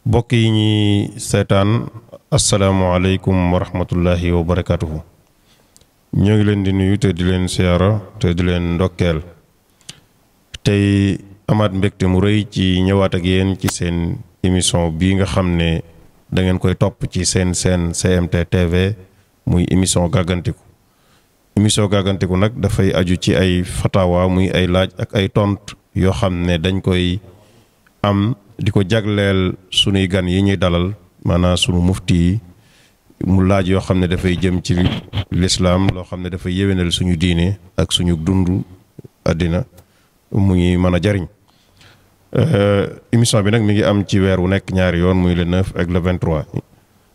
bokk yi ñuy seetaan asalaamualeykum wa rahmatullahi wa barakaatuhu. ñoo ngi leen di nuyu te di leen siyaara te di leen ndokkeel. tey amaat mbégte mu rëy ci ñëwaat ak yéen ci seen émission bii nga xam ne da ngeen koy topp ci seen seen GMT TV muy émission gàggantiku. émission gàggantiku nag dafay aju ci ay fatawa muy ay laaj ak ay tont yoo xam ne dañ koy. am di ko jagleel sunuy gan yi ñuy dalal maanaam sunu mufti mu laaj yoo xam ne dafay jëm ci lislaam loo xam ne dafay yéwénal suñu diine ak suñu dund àddina mu ngi mën a jariñ euh, émission bi nag mi ngi am ci weer wu nekk ñaari yoon muy le 9 ak le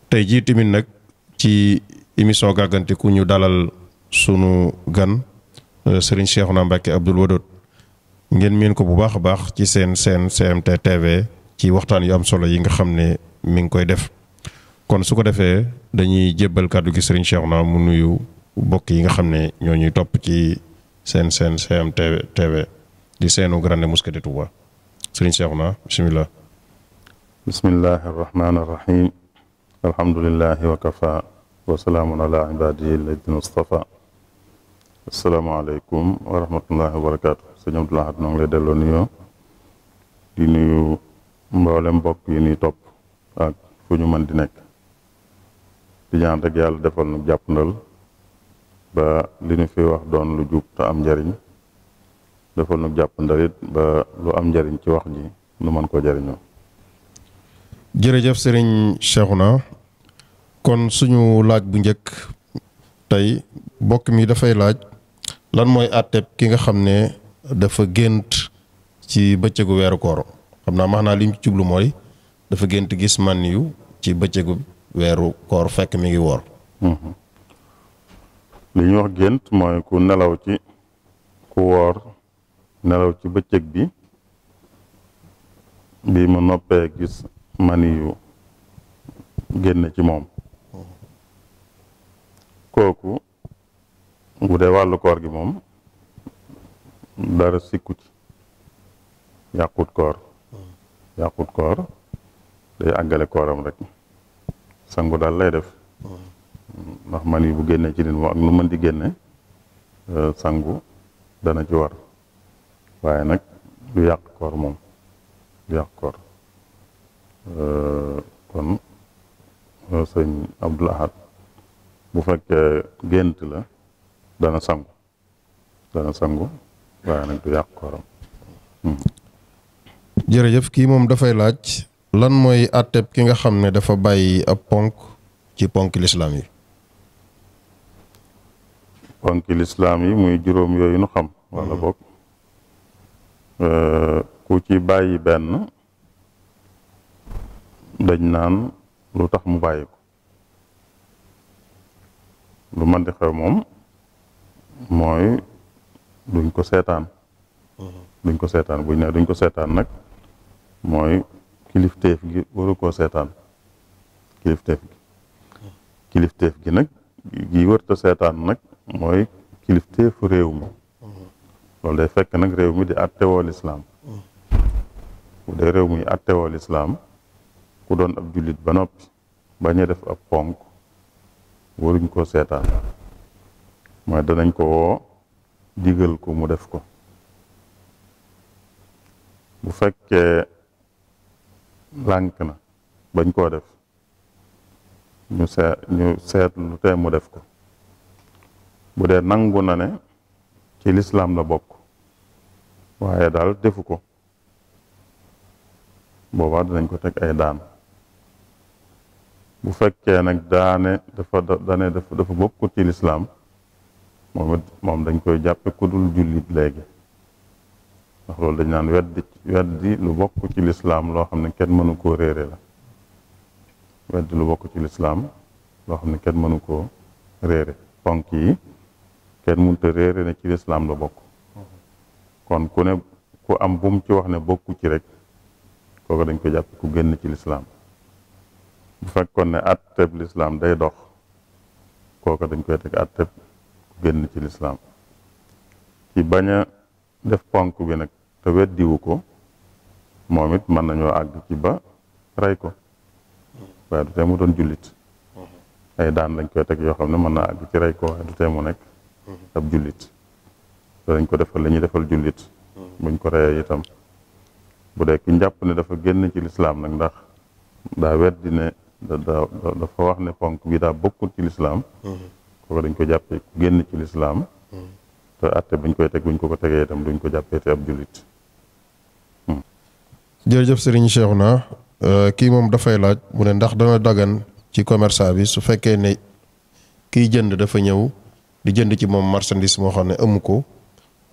tey jii tamit nag ci émission gàggantiku ñu dalal sunu gan euh, Serigne Cheikhouna Mbacké Abdoul Wadoud ngeen miin ko bu baax a baax ci seen seen GMT TV ci waxtaan yu am solo yi nga xam ne mi ngi koy def kon su ko defee dañuy jébbal kàddu gi Serigne Cheikhouna mu nuyu mbokk yi nga xam ne ñoo ñuy topp ci seen seen GMT TV di seenu Grande Mosquée de Touba Serigne Cheikhouna bisimilah. bismillahi arrahmani arrahim alhamdulilahi wa kafa wa salaamun ala ibadihi alladina mustafa asalaamaaleykum wa rahmatullahi wa barakatu sëñ Abdou la noo ngi lay delloo nuyoo di nuyu mboolem mbokk yi nuy topp ak fu ñu man di nekk di ñaan yàlla defal nu jàppandal ba ñu fi wax doon lu jub njariñ defal nu jàppandal ba lu am njariñ ci wax ji nu mën ko jariñoo jërëjëf sëriñ Cheikhouna kon suñu laaj bu njëkk tey bokk mi dafay laaj lan mooy àtteeb ki nga xam ne dafa gént ci bëccëgu weeru koor xam naa max naa li mu jublu mooy dafa gént gis man yu ci bëccëgu weeru koor fekk mi ngi woor li ñuy wax gént mooy ku nelaw ci ku woor nelaw ci bëccëg bi bi mu noppee gis mani yu génn ci moom kooku bu dee wàllu koor gi moom dara siku ci yàqut koor yàqut koor day àggale kooram rek sangu daal lay def ndax man yi bu génnee ci nit moom ak nu mën di génne euh, sangu dana ci war waaye nag lu yàq koor moom du yàq koor euh, kon euh, sëñ Abdul Ahad bu fekk gént la dana sangu dana sangu waaye nag du yàq kooram. Hmm. jërëjëf kii moom dafay laaj lan mooy àtteb ki nga xam ne dafa bàyyi ab ponk ci ponk lislaam yi. ponk lislaam yi muy juróom yooyu nu xam. wala hmm. boog euh, ku ci bàyyi benn dañ naan lu tax mu bàyyi ko lu man xew moom mooy. duñ ko seetaan duñ ko seetaan buñ ne duñ ko seetaan nag mooy kilifteef gi waru koo seetaan kilifteef gi kilifteef gi nag gi wërta seetaan nag mooy kilifteefu réew mi loolu day fekk nag réew mi di attewoo lislaam bu dee réew muy attewoo lislaam ku doon ab jullit ba noppi bañ a def ab ponk waruñ koo seetaan mooy danañ ko woo digal ko mu def ko bu fekkee lànk na bañ koo def ñu seet ñu seet lu tee mu def ko bu dee nangu na ne ci lislaam la bokk waaye daal defu ko boobaa dinañ ko teg ay daan bu fekkee nag daane dafa dane dafa dafa bokkut ci lislaam moom dañ koy jàppe ku dul jullit léegi ndax loolu dañ naan weddi weddi lu bokk ci lislaam loo xam ne kenn mënu koo réere la lu bokk ci lislaam loo xam ne kenn mënu koo réere ponk yi kenn mënta réere ne ci lislaam la bokk kon ku ne ku am bu mu ci wax ne bokku ci rek kooku dañ koy jàpp ku génn ci lislaam bu kon ne atteb lislaam day dox kooku dañ koy teg atteb génn ci lislaam ci bañ def ponk bi nag te weddiwu ko moom it mën nañoo àgg ci ba rey ko waaye du tee mu doon jullit ay daan lañ koy teg yoo xam ne mën naa àgg ci rey ko waaye du tee mu nekk ab jullit dañ ko defal la ñuy defal jullit buñ ko reyee itam bu dee ki njàpp ne dafa génn ci lislaam nag ndax daa weddi ne da dafa wax ne ponk bi daa bokkul ci lislaam kooku dañ ko jàppee ku génn ci lislaam te atte buñ koy teg buñ ko ko tegee itam duñ ko jàppee te ab jullit hmm. jërëjëf sëriñ Cheikhouna euh, kii moom dafay laaj mu ne ndax dana dagan ci commerçant bi su fekkee ne kiy jënd dafa ñëw di jënd ci moom marchandise moo xam ne amu ko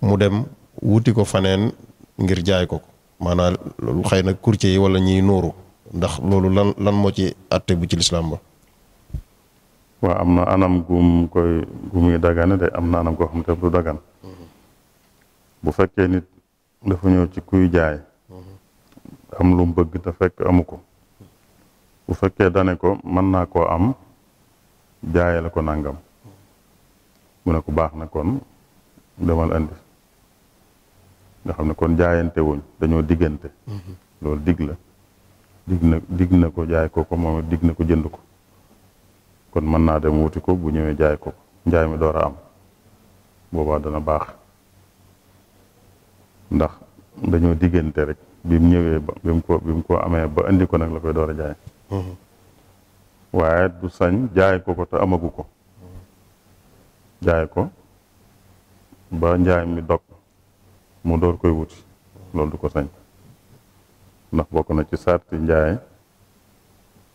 mu dem wuti ko faneen ngir jaay ko ko maanaam loolu xëy na courtier yi wala ñiy nooru ndax loolu lan lan moo ci atte bu ci lislaam ba waaw am na anam gum koy gumuy dagane day am na anam koo xam te du dagan bu fekkee nit dafa ñëw ci kuy jaay am lu mu bëgg te fekk amu ko bu fekkee dane ko mën naa koo am jaaye la ko nangam mu ne ko baax na kon demal andi nga xam ne kon jaayante wuñ dañoo diggante mm-hmm. loolu dig la digg na dig na ko jaay ko ko moom digg na ko jënd ko kon mën naa dem wuti ko bu ñëwee jaay ko njaay mi door a am boobaa dana baax ndax dañoo diggante rek bim ñëwee ba bi ko amee ba indi ko nag la koy door a jaay mhm. waaye du sañ jaay ko ko te amagu ko jaay ko ba njaay mi dog mu door koy wuti loolu du ko sañ ndax bokk na ci sarti njaay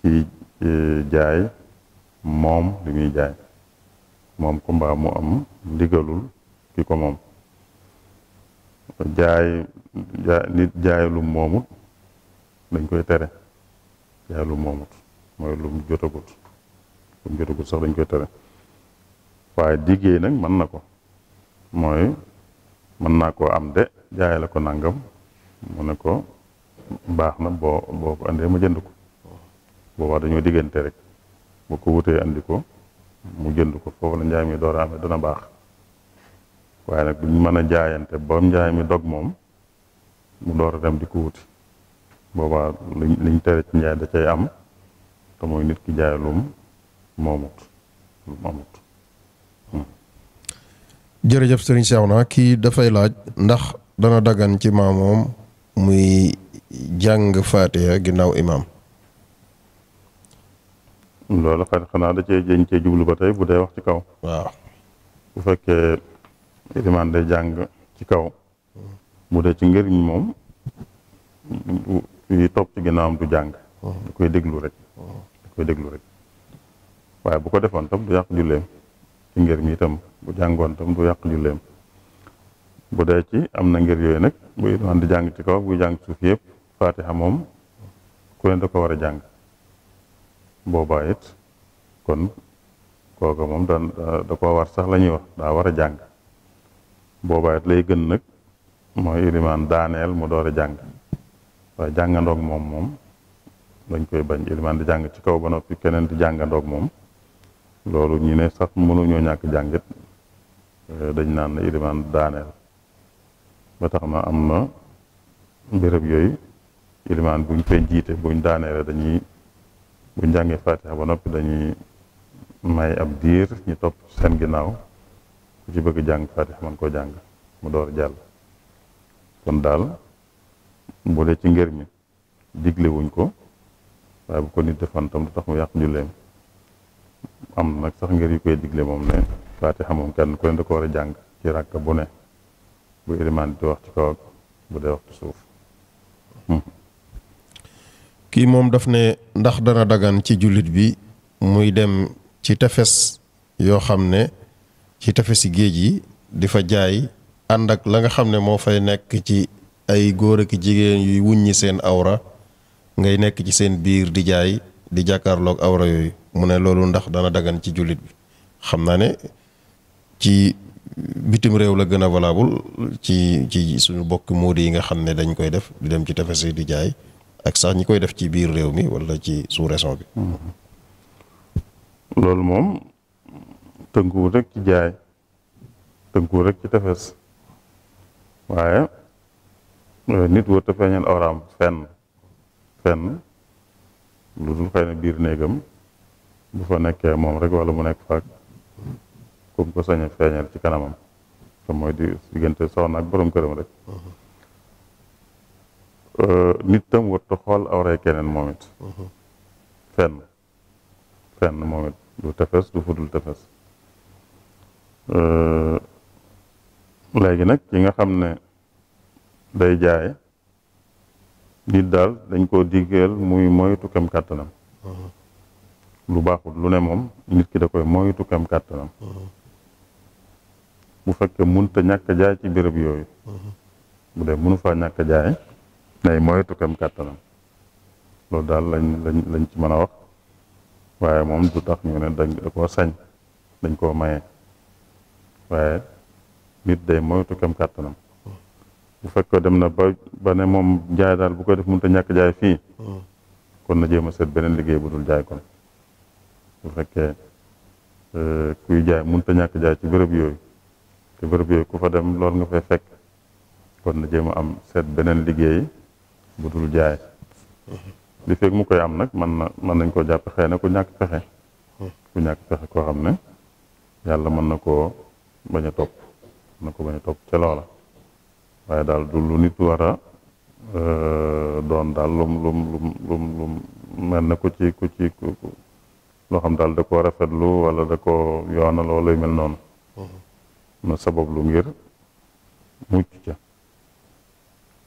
kii eh, jaay moom li jaay moom kumba mu am ndigalul ki ko moom jaay nit jaay lum moomut dañ koy tere jaay lum moomut mooy lum jotagut lum jotagut dañ koy tere waaye diggéey nag mën na ko mooy mën naa ko am de jaay la ko nangam mu ne ko baax na boo bo ko andee ma jënd ko boobaa dañoo diggante rek bu ko wutee andi mu jënd ko foofu la njaay mi door amee dana baax waaye nag duñ mën a jaayante ba njaay mi dog moom mu door a dem di ko wuti boobaa liñ liñ tere ci njaay da cay am te mooy nit ki jaay lum moomut lum amut hmm. jërëjëf sëriñ Cheikhouna kii dafay laaj ndax dana dagan ci maamoom muy jàng faatiha ginnaaw imaam loolu xëy xanaa da cee jëñ cee jublu ba tey bu dee wax ci kaw. bu fekkee ilimaan jàng ci kaw. bu de ci ngëriñ moom yi topp ci ginnaawam du jàng. da koy déglu rek. da déglu rek waaye bu ko defoon tam du yàq julleem ci ngëriñ itam bu jàngoon tam du yàq julleem bu dee ci am na ngër yooyu nag bu ilimaan jàng ci kaw buy jàng suuf yëpp faatiha moom ku ne da ko war a jàng. boobaa it kon kooka moom daan euh, da koo war sax lañuy ñuy wax daa war a jàng boobaa it lay gën nag mooy ilimaan daaneel mu door a jàng waaye jàngandoog moom moom dañ koy bañ ilimaan di jàng ci kaw ba noppi keneen di jàngandoog moom loolu ñu ne sax mënuñoo ñàkk jàngit euh, dañ naan na ilimaan daaneel ba tax na am na béréb yooyu ilimaan buñ fay jiite buñ daaneele dañuy buñ jàngee fatiha ba noppi dañuy may ab diir ñu topp seen ginnaaw ku ci bëgg jàng fatiha man koo jàng mu door jàll kon daal bu dee ci ngër mi digle wuñ ko waaye bu ko nit defan tam du tax mu yàq julleem am nag sax ngër yu koy digle moom ne fatiha moom kenn ku ne da ko war a jàng ci ràkk bu ne bu ilimaan di wax ci kaw bu dee wax suuf kii moom daf ne ndax dana dagan ci jullit bi muy dem ci tefes yoo xam ne ci tefesi géej yi di fa jaay ànd ak la nga xam ne moo fay nekk ci ay góor ak jigéen yuy wuññi seen awra ngay nekk ci seen biir di jaay di jàkkaarlook awra yooyu mu ne loolu ndax dana dagan ci jullit bi xam naa ne ci bitim réew la gën a valable ci ci suñu bokk moodi yi nga xam ne dañ koy def di dem ci tefes yi di jaay ak sax ñi koy def ci biir réew mi wala ci sous-région bi. Mm-hmm. loolu moom tënkuwul rek ci jaay tënkuwul rek ci tefes waaye euh, nit wër te feeñal awraam fenn fenn lu dul xëy na biir néegam bu fa nekkee moom rek wala mu nekk faak comme ko sañ a feeñal ci kanamam te mooy di diggante soxna ak borom këram rek. Mm-hmm. Euh, nit tam warut a xool keneen moom it mhm. fenn fenn moom du tefes du fudul tefes euh, léegi nag ki nga xam ne day jaay nit daal dañ koo diggeel muy moytu kem kàttanam mhm. lu baaxul lu ne moom nit ki da koy moytu kem kàttanam mhm. bu fekkee mënut ñàkk jaay ci béréb yooyu bu dee mënu faa ñàkk jaay day moytu kam kàttanam loolu daal lañ lañ lañ ci mën a wax waaye moom du tax ñu ne dañ da koo sañ dañ koo maye waaye nit day moytu kam kàttanam bu fekkee dem na ba ne moom jaay daal bu koy def mënut ñàkk jaay fii kon na jéem a seet beneen liggéey bu dul jaay kon bu fekkee euh, kuy jaay mënut a ñàkk jaay ci bërëb yooyu ci bërëb yooyu ku fa dem loolu nga fay fekk kon na jéem am seet beneen liggéey bu dul jaay li feeg mu koy am nag man na mën nañ koo jàpp xëy ku ñàkk fexe ku ñàkk fexe koo xam ne yàlla mën na koo bañ a topp mën na ko bañ a topp ca loola waaye daal du lu nit war a euh, doon daal lum lum lum lum na ku ci ku ci loo xam daal da koo rafetlu wala da koo yoonal wala yu mel noonu na sabab lu ngir mucc ca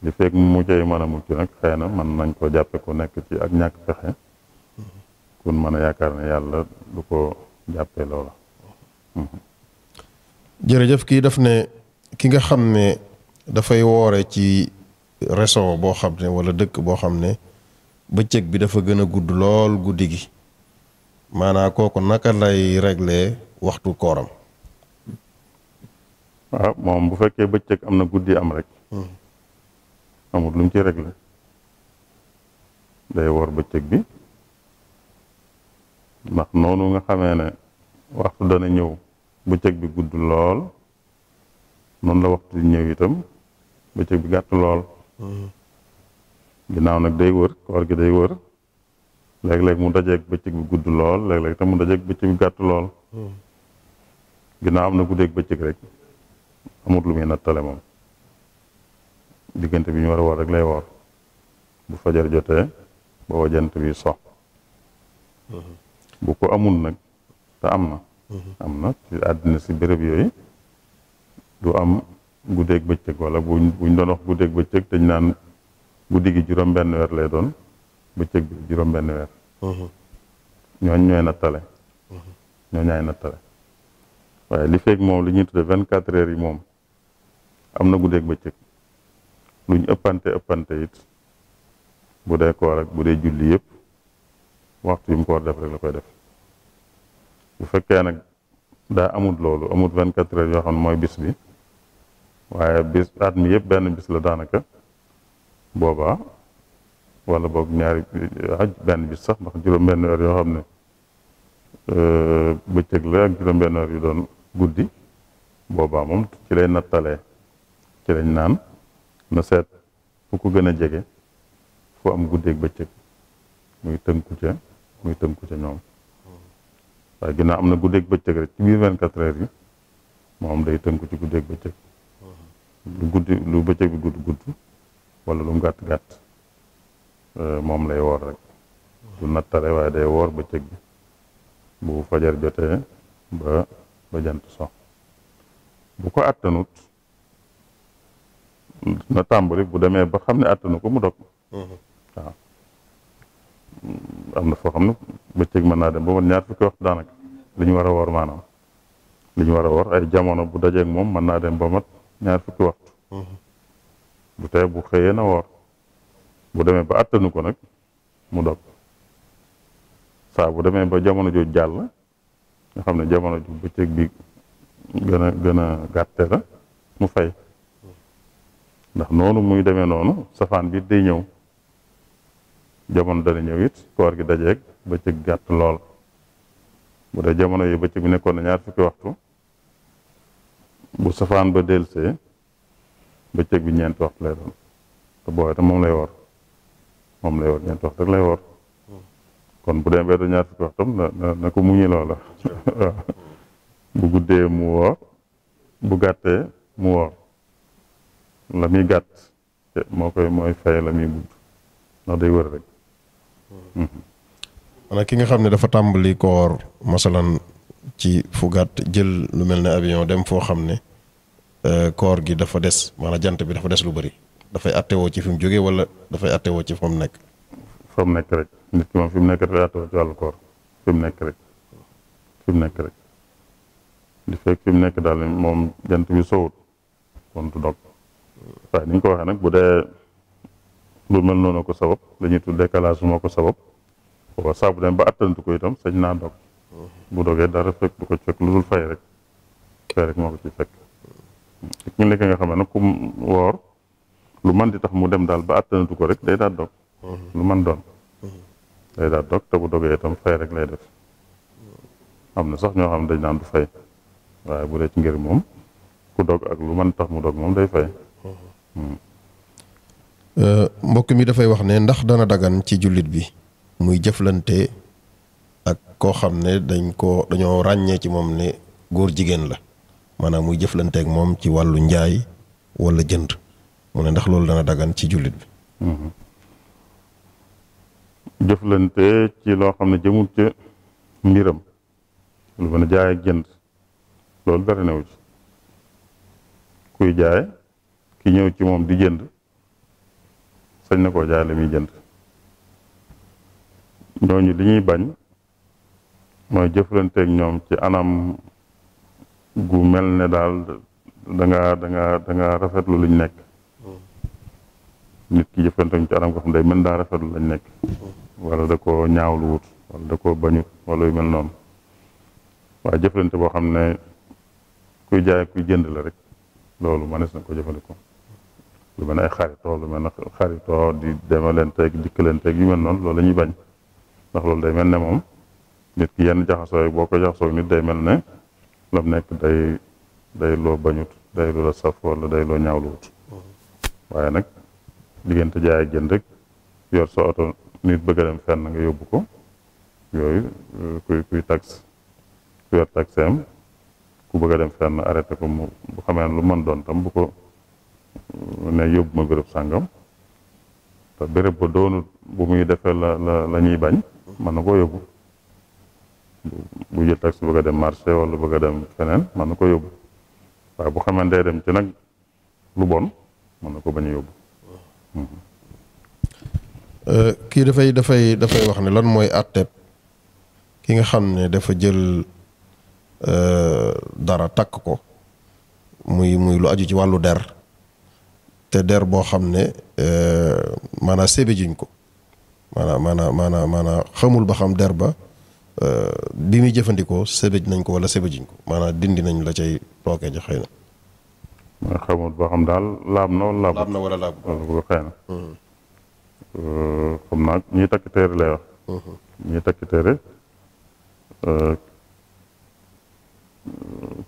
li fekk mu cay mën a mucc nag xëy na mën nañ koo jàppe ku nekk ci ak ñàkk pexe kun mën a yaakaar na yàlla du ko jàppee loola jërëjëf kii daf ne ki nga xam ne dafay woore ci réseau boo xam ne wala dëkk boo xam ne bëccëg bi dafa gën a gudd lool guddi gi maanaam kooku naka lay regle waxtu kooram waaw ah, moom bu fekkee bëccëg am na guddi am rek hmm. amul lu ci réglé day woor bëccëg bi ndax noonu nga xamee ne waxtu dana ñëw bëccëg bi gudd lool noonu la waxtu ñëw itam bëccëg bi gàtt lool ginnaaw nag day wër koor gi day wër léeg-léeg mu dajeeg bëccëg bi gudd lool léeg-léeg tam mu dajeeg bëccëg bi gàtt lool hmm. ginnaaw am na guddeeg bëccëg rek amut lu muy nattale moom diggante bi ñu war a woor rek lay woor bu fajar jotee boo jant bi sox mm-hmm. bu ko amul nag te am na mm-hmm. am na ci àddina si béréb yooyu du am guddeeg bëccëg walla buñ buñ doon wax guddeeg bëccëg dañ naan guddi gi juróom benn weer lay doon bëccëg bi juróom benn weer mm-hmm. ñooñ ñooy nattale ñoo ñaay nattale waaye li feeg moom li ñuy tudde vingt quatre heures yi moom am na guddeeg bëccëg luñ ëppante ëppante it bu dee koor ak bu dee julli yëpp waxtu yim mu koor def rek la koy def bu fekkee nag daa amut loolu amut vingt quatre heures yoo xam ne mooy bis bi waaye bis at mi yëpp benn bis la daanaka boobaa wala boog ñaari benn bis sax ndax juróom-benn yoo xam ne euh, bëccëg la ak juróom-benn yu doon guddi boobaa moom ci lay nattalee ci lañ naan na seet fu ko gën a jege fu am guddeeg bëccëg muy tënku ca muy tënku ca ñoom waaye ginnaaw am na guddeeg bëccëg rek ci biir vingt quatre heures yi moom day tënku ci guddeeg bëccëg lu guddi lu bëccëg bi gudd gudd wala lu mu gàtt gàtt euh, moom lay woor rek du nattare waaye day woor bëccëg bi bu fajar jotee ba ba jant so bu ko attanut na tàmbali bu demee ba xam ne àttanu ko mu dog mhm. waaw am na foo xam ne bëccëg mën naa dem ba ñaar fukki waxtu daanaka li ñu war a woor maanaam li ñu war a woor ay jamono bu dajeeg moom mën naa dem ba ñaar fukki waxtu mhm. bu tey bu xëyee na woor bu demee ba àttanu ko nag mu dog saa bu demee ba jamono ju jàll nga xam ne jamono ju bëccëg bi gën a gën a gàtte la mu fay ndax noonu muy demee noonu safaan bi day ñëw jamono dana ñëw it koor gi dajeeg bëccëg gàtt lool bu dee jamono yi bëccëg bi nekkoon na ñaar fukki waxtu bu safaan ba delsee bëccëg bi ñeent waxtu lay doon te booy itam moom lay wor moom lay woor waxtu rek lay woor kon bu dee mbéy ñaar fukki waxtam na na ko muñi loola bu guddee mu woor bu gàttee mu woor la muy gàtt moo koy mooy fay la muy gudd ndax day wër rek. maanaam ki nga xam ne dafa tàmbali koor masalan ci fu gàtt jël lu mel ne avion dem foo xam ne euh, koor gi dafa des maanaam jant bi dafa des lu bari dafay attewoo ci fi mu wala dafay attewoo ci fa mu nekk. fa nekk rek nit ki moom fi mu nekk rek attewoo ci wàllu nekk rek fi nekk rek. di fi mu nekk daal moom jant bi sowut kon waaw ni ñu ko waxee nag bu dee lu mel noonu ko sabab la ñuy tudd décalage moo ko sabab waaw saa bu dem ba attantu ko itam sañ naa dog mm-hmm. bu dogee dara fekk du ko fekk lu dul fay rek fay rek moo ci fekk ñu nekk nga xam ne nag ku woor lu man di tax mu dem daal ba attanatu ko rek day daal dog mm-hmm. lu man doon mm-hmm. day daal dog te bu dogee itam fay rek lay def am na sax ñoo xam ne dañ du fay waaye bu dee ci ngir moom ku dog ak lu man tax mu dog moom day fay Euh, mbokk mi dafay wax ne ndax dana dagan ci jullit bi muy jëflante ak koo xam ne dañ ko dañoo ràññee ci moom ne góor jigéen la maanaam muy jëflanteek moom ci wàllu njaay walla jënd mu ne ndax loolu dana dagan ci jullit bi mm-hmm. jëflante ci loo xam ne jëmul ca mbiram lu mën a jaay ak jënd loolu dara newu ci kuy jaay ki ñëw ci moom di jënd sañ na ko jaay la muy jënd ñooñu li ñuy bañ mooy jëflanteeg ñoom ci anam gu mel ne daal da nga da nga da nekk nit ki jëflanteeg ci anam ko xam day mel ñaawlu wut wala da koo bañut wala yu mel noonu waaye jëflante boo xam ne kuy jaay kuy jënd la rek loolu manees na ko jëfandikoo lu mel ne ay xaritoo lu mel ne xaritoo di demalanteeg dikkalanteeg yu mel noonu loolu la ñuy bañ ndax loolu day mel ne moom nit ki yenn jaxasoo boo ko jaxasoo nit day mel ne lam nekk day day loo bañut day loo la saf wala day loo ñaawluwut waaye nag diggante jaay ak jënd rek yor sa oto nit bëgg a dem fenn nga yóbbu ko yooyu euh, kuy kuy tax ku yor taxeem ku bëgg dem fenn arrêté ko mu bu xamee lu man doon tam bu ko ne yóbbu ma béréb sàngam te béréb ba doonut bu muy defee la la la ñuy bañ mën na koo yóbbu bu jël taxi bëgg dem marché wala bëgg a dem feneen mën na ko yóbbu waaye bu xamante dem ci nag lu bon mën na ko bañ a yóbbu euh, kii dafay dafay dafay wax ne lan mooy àtteeb ki nga xam ne dafa jël euh, dara takk ko muy muy lu aju ci wàllu der te der boo xam ne euh, maanaam sébejuñ ko maanaam maanaam maanaam maanaam xamul ba xam der ba euh, bi muy jëfandikoo sébéj nañ ko wala sébejuñ ko maanaam dindi nañu la cay rookee ja xëy na xamul ba xam daal laab na wala laab na wala laab wala xëy na xam hmm. euh, naa ñuy takk téere lay wax hmm. takk téere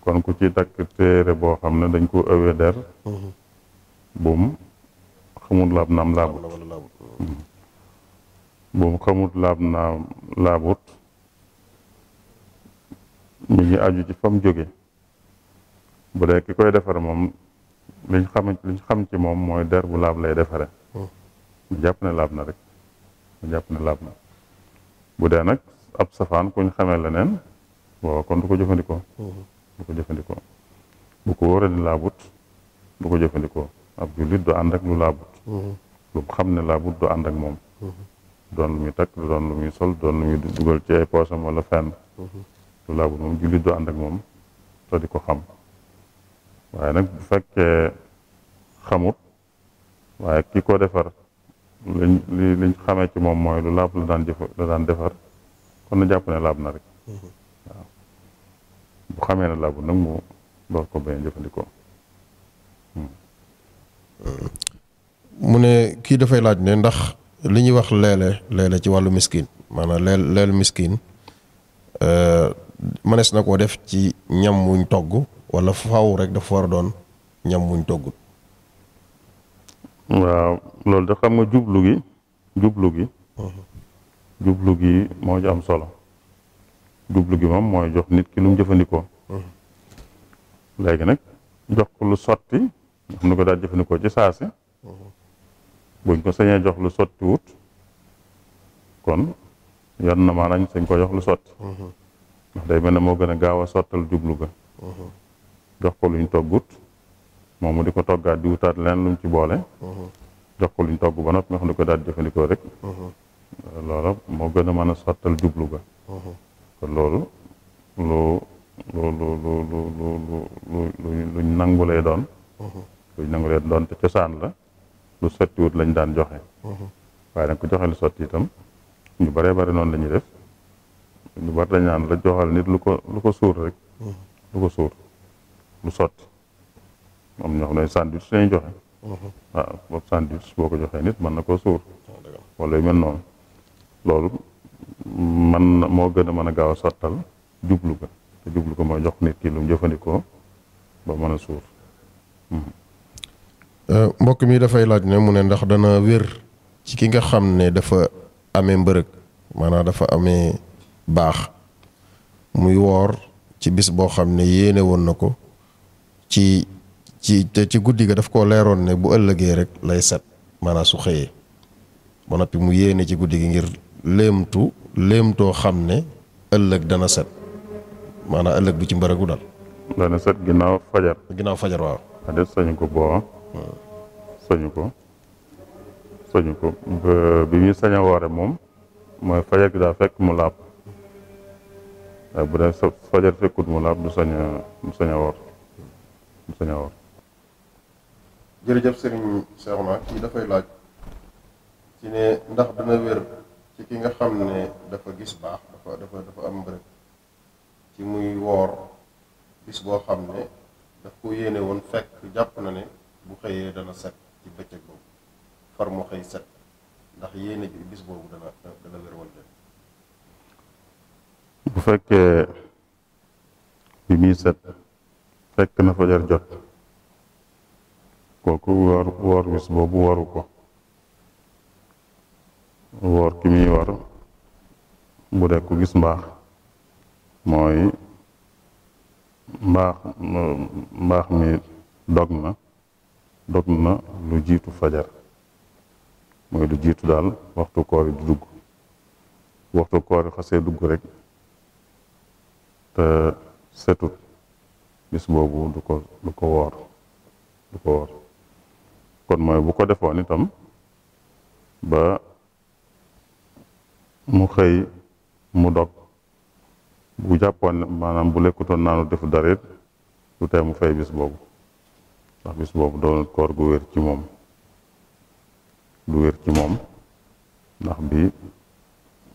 kon ku ci takk téere boo xam ne dañ ko ëwee der hmm. boobu xamul naam laabut hmm. boobu xamut laab naam laabut mi ngi aju ci fam jóge bu dee ki koy defar moom liñ xam liñ xam ci moom mooy der bu laab lay defare hmm. mu jàpp ne laab na rek mu jàpp ne laab na bu dee nag ab safaan kuñ xamee leneen waaw kon du ko jëfandikoo hmm. jëfandikoo bu ko wóoree laabut du ko jëfandikoo ab jullit du ànd rek lu laabut mhm. lu xam ne laabut du ànd ak moom mhm. doon lu muy takk du doon lu sol doon lu muy dugal ci ay poosam wala fenn mhm. lu laabut moom jullit du ànd ak moom te di ko xam waaye nag bu fekkee xamut waaye ki ko defar liñ li liñ xamee ci moom mooy lu laab la daan jëf la daan defar kon na jàpp ne laab na rek waaw bu xamee ne laabut nag mu door ko jëfandikoo mu ne kii dafay laaj ne ndax li ñuy wax leele leele ci wàllu miskin maanaam leel leelu miskin euh, mënees na koo def ci ñam wuñ togg wala faw rek dafa war a doon ñam wuñ toggut waaw loolu da xam nga jublu gi jublu gi mhm. jublu gi moo am solo jublu gi moom mooy jox nit ki lu mu jëfandikoo mhm. léegi nag jox ko lu sotti am na ko daal jëfandikoo ci saasi buñ ko sañee jox lu sotti wut kon yoon na maanaam sañ ko jox lu sotti day mel ne moo gën a gaaw a sottal jublu ga jox ko luñ toggut moom mu di ko toggaat di wutaat leneen luñ ci boole jox ko luñ togg ba noppi nga xam ne ko daal jëfandikoo rek loola moo gën a mën a sottal jublu ga kon loolu lu lu lu lu luñ nangu lay doon luñ nangu leen doon cosaan la lu sottiwut lañ daan joxe mhm. waaye nag ku joxe lu sotti itam ñu bare bare noonu la ñuy def ñu bari dañ naan la joxal nit lu ko lu ko suur rek mhm. lu ko suur lu sotti moom ñoo xam ne sandwich lañuy joxe waaw mhm. ah, boobu sandwich boo ko joxee nit mën na koo suur ah, wala yu mel noonu loolu man na moo gën a mën a gaaw a sottal jublu ko jublu ko mooy jox nit ki lu jëfandikoo ba mën a suur Euh, mbokk mi dafay laaj ne mu ne ndax dana wér ci ki nga xam ne dafa ame mbërëg maanaa dafa amee baax muy woor ci bis boo xam ne yéene woon na ko ci ci te ci guddi ga daf koo leeroon ne bu ëllëgee rek lay set maanaa su xëyee ba noppi mu yéene ci guddi gi ngir léemtu léemtoo xam ne ëllëg dana set maanaa ëllëg du ci mbërëgu dal dana set ginnaaw fajar ginnaaw fajar waaw. def sañu ko boo sañu ko sañu ko bi muy sañ moom mooy fajar bi daa fekk mu laab waaye bu fajar fekkut mu laab du sañ a du sañ a woor du kii dafay laaj ci ne ndax dana wér ci ki nga xam ne dafa gis baax dafa dafa dafa am mbërëg ci muy woor bis boo xam ne daf ko yéene woon fekk jàpp na ne bu xëyee dana set ci bëccëg boobu far mu xëy set ndax yéene bis boobu dana dana wér wala bu fekkee bi muy set fekk na fajar jot kooku woor woor bis boobu waru ko woor ki muy war bu dee ku gis mbaax mooy mbaax mbaax mi dog na dog na lu jiitu fajar mooy lu jiitu daal waxtu koor du dugg waxtu koor yi xasee dugg rek te setut bis boobu du ko du ko woor du ko woor kon mooy bu ko defoon itam ba mu xëy mu dog bu jàppoon maanaam bu lekkutoon naanu defu dara it du tee mu fay bis boobu ndax bis boobu doonul koor gu wér ci moom du wér ci moom ndax bi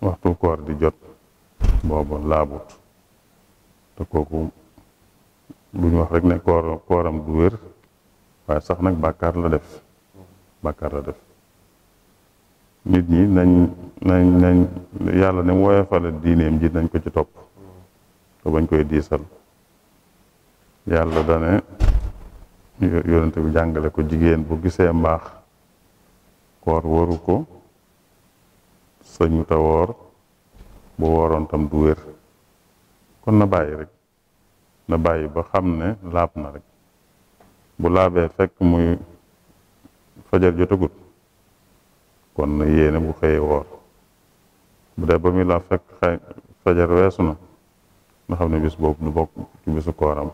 waxtu koor di jot boobu laabut te kooku duñ wax rek ne koor kooram du wér waaye sax nag bàkkaar la def bàkkaar def nit ñi nañ nañ nañ yàlla ne woyofale diineem ji nañ ko ci topp te bañ koy diisal yàlla dane yonente bi jàngale ko jigéen bu gisee mbaax koor waru ko sañu ta woor bu wooroon tam du wér kon na bàyyi rek na bàyyi ba xam ne laab na rek bu laabee fekk muy fajar jotagut kon na yéene bu xëyee woor bu dee ba muy laab fekk fajar weesu na nga xam ne bis boobu du bokk ci bisu kooram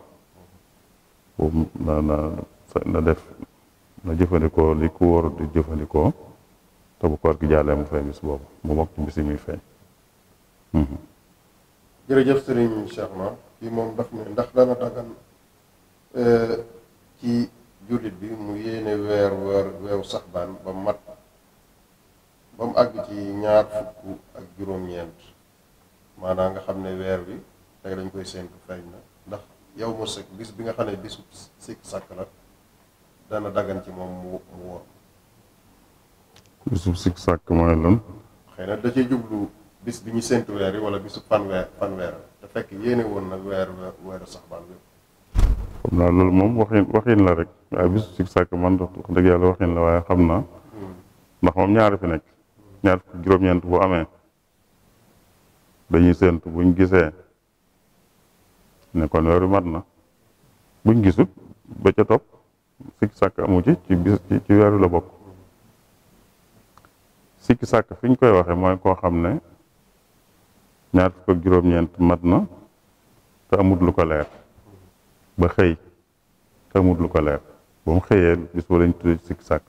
boobu na na na def na jëfandikoo li ku wóor di jëfandikoo te bu koor gi jàllee mu fay bis boobu mu bokk ci bis muy feeñ mhm. jërëjëf sëriñ Cheikh Ma kii moom daf ne ndax dana dagan e, ci jullit bi mu yéene weer weer weew saxbaan ba mat ba mu àgg ci ñaar fukk ak juróom-ñeent maanaam nga xam ne weer bi tey dañ koy séntu feeñ na yow mu sëkk bis bi nga xam ne bisu sikk sàkk la dana dagan ci moom mu mu woor bisu sikk sàkk mooy lan xëy na da ci jublu bis bi ñu séntu weer yi wala bisu fanweer fanweer te fekk yéene woon na weer weeru saxbaan bi xam naa loolu moom waxin waxin la rek waaye bisu sikk sàkk man wax dëgg yàlla waxin la waaye xam naa hmm. ndax moom ñaari fi nekk ñaar juróom-ñeent bu amee dañuy séntu buñ gisee ne kon weeru mat na buñ gisut ba ca topp amu ci ci bis weeru la bokk sikki sàkk fi ñu koy waxee mooy koo xam ne ñaar fukk juróom-ñeent mat na te amut lu ko leer ba xëy te amut lu ko leer ba mu xëyee bis ba lañ tuddee sàkk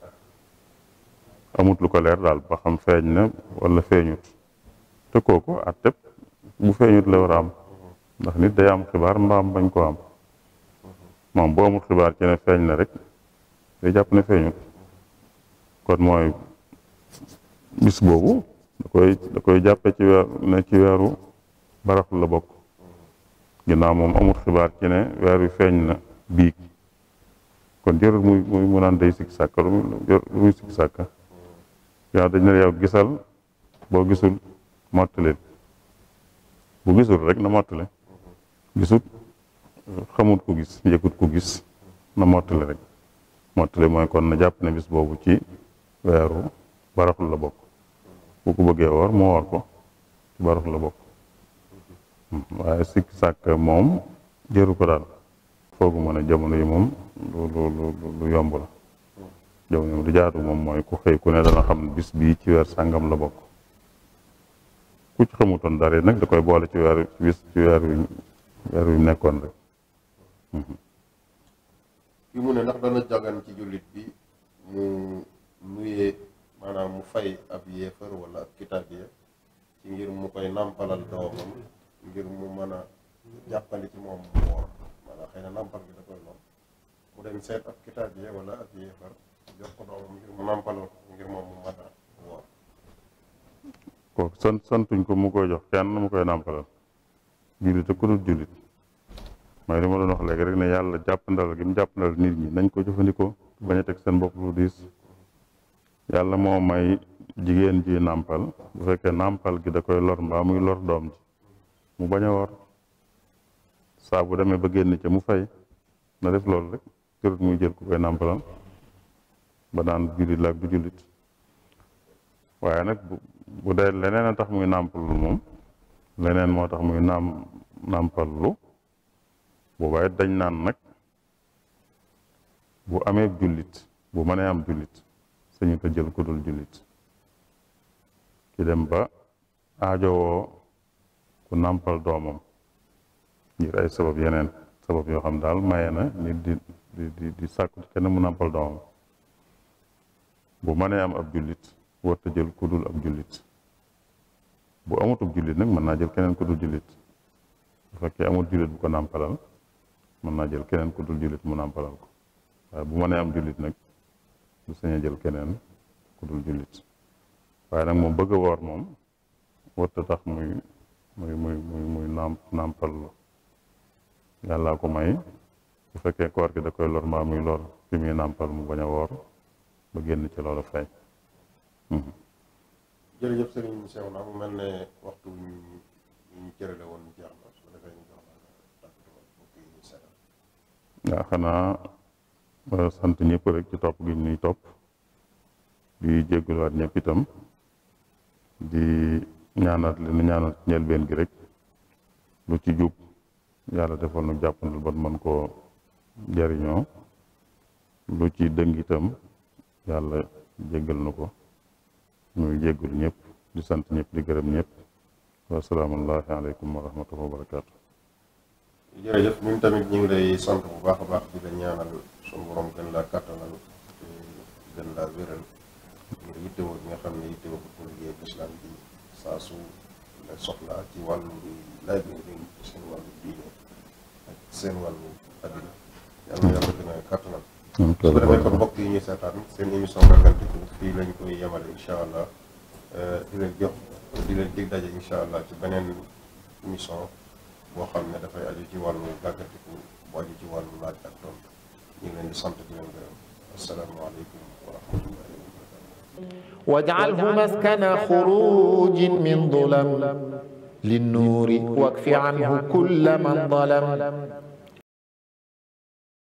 amut lu ko leer daal ba xam feeñ na wala feeñut te kooku àtteb bu feeñut la war ndax nit day am xibaar mbaam bañ koo am moom boo amul xibaar ci ne feeñ na rek day jàpp na feeñut kon mooy bis boobu da koy da jàppe ci weer ne ci weeru baraxlu la bokk ginnaaw moom amul xibaar ci ne weer wi feeñ na biig kon jërul muy mu naan day sikk sàkka lu muy sikk sàkka yaa dañ na yow gisal boo gisul mottali bu gisul rek na mottali gisut xamut ko gis njëkkut ko gis na mottali rek mottali mooy kon na jàpp na bis boobu ci weeru baraxlu la bokk bu ko bëggee woor mu woor ko ci baraxlu la bokk hmm, waaye sikk sàkk moom jëru ko daal foogu mën a jamono yi moom lu lu lu yomb la jamono yi du jaatu moom mooy ku xëy ku ne dana xam bis bi ci weer sàngam la bokk ku ci xamutoon dara nag da koy boole ci weer bis ci weer weer wi nekkoon rek. fi mu ne ndax dana jagan ci jullit bi mu nuyee maanaam mu fay ab yéefar wala ab kitaabiya ci ngir mu koy nàmpalal doomam ngir mu mën a jàppale ci moom mu woor maanaam xëy na nàmpal gi da koy lool mu dem seet ab kitaabiya wala ab yéefar jox ko doomam ngir mu nàmpalal ko ngir moom mu mën a woor. kooku sant santuñ ko mu koy jox kenn mu koy nàmpalal. jullit ak ku dul jullit mooy li ma doon wax léegi rek ne yàlla jàppandal gi mu jàppandal nit ñi nañ koy jëfandikoo bañ a teg seen bopp lu diis yàlla moo may jigéen ji nàmpal bu fekkee nàmpal gi da koy lor mbaa muy lor doom ji mu bañ a wor saa bu demee ba génn ci mu fay na def loolu rek jërut muy jël ku koy nàmpalal ba naan jullit la ak du jullit waaye nag bu dee leneen a tax muy nàmpalul moom leneen moo tax muy naam nàmpallu booba it dañ naan nag bu amee jullit bu mënee am jullit sañu ta jël ku dul jullit ki dem ba aajowoo ku nampal doomam ngir ay sabab yeneen sabab yoo xam daal maye na nit di di di mu nàmpal doomam bu mënee am ab jullit warta jël ku ab julit bu amatub jullit nag mën naa jël keneen ku dul jullit bu fekkee amul jullit bu ko nàmpalal mën naa jël keneen ku dul jullit mu nàmpalal ko waaye bu mënee am jullit nag du sañ jël keneen ku dul jullit waaye nag moom bëgg a woor moom warta tax muy muy muy muy muy nàmpal yàllaa ko may bu fekkee koor gi da koy lor mbaa muy lor fi muy nàmpal mu bañ a woor ba génn ci loolu jërëjëf sëriñ na mu mel ne waxtu wi xanaa sant ñëpp rek ci topp gi ñuy topp di jégguluwaat ñëpp itam di ñaanaat leen ñaanal ci njëlbeen gi rek lu ci jub yàlla defal nag jàppandal ba mën koo jariñoo lu ci dëng itam yàlla jéggal na ko ñu ngi jéggul ñëpp di sant ñépp di gërëm ñëpp wa salaamullahi aleykum wa rahmatullahi wa barakaatu. jërëjëf ñun tamit ñu ngi lay sant bu baax a baax di la ñaanal suñu borom gën laa kattanal te gën laa wéral nga yittewoo bi nga xam ne yittewoo ko a lislaam bi saa su la soxlaa ci wàllu laaj bi ngeen seen wàllu diine ak seen wàllu addina yàlla yàlla gën a kattanal bu ko defee kon mbokk yi ñuy seetaan seen émission Màggaltiku fii lañ koy yemale incha allah euh, di leen jox di leen dig daje incha allah ci beneen émission boo xam ne dafay aju ci wàllu Màggaltiku bu aju ci wàllu laaj ak tontu ñu ngi leen di sant di leen gërëm asalaamaaleykum wa rahmatullahi wa barakatuh واجعله مسكن خروج من ظلم للنور واكف عنه كل من ظلم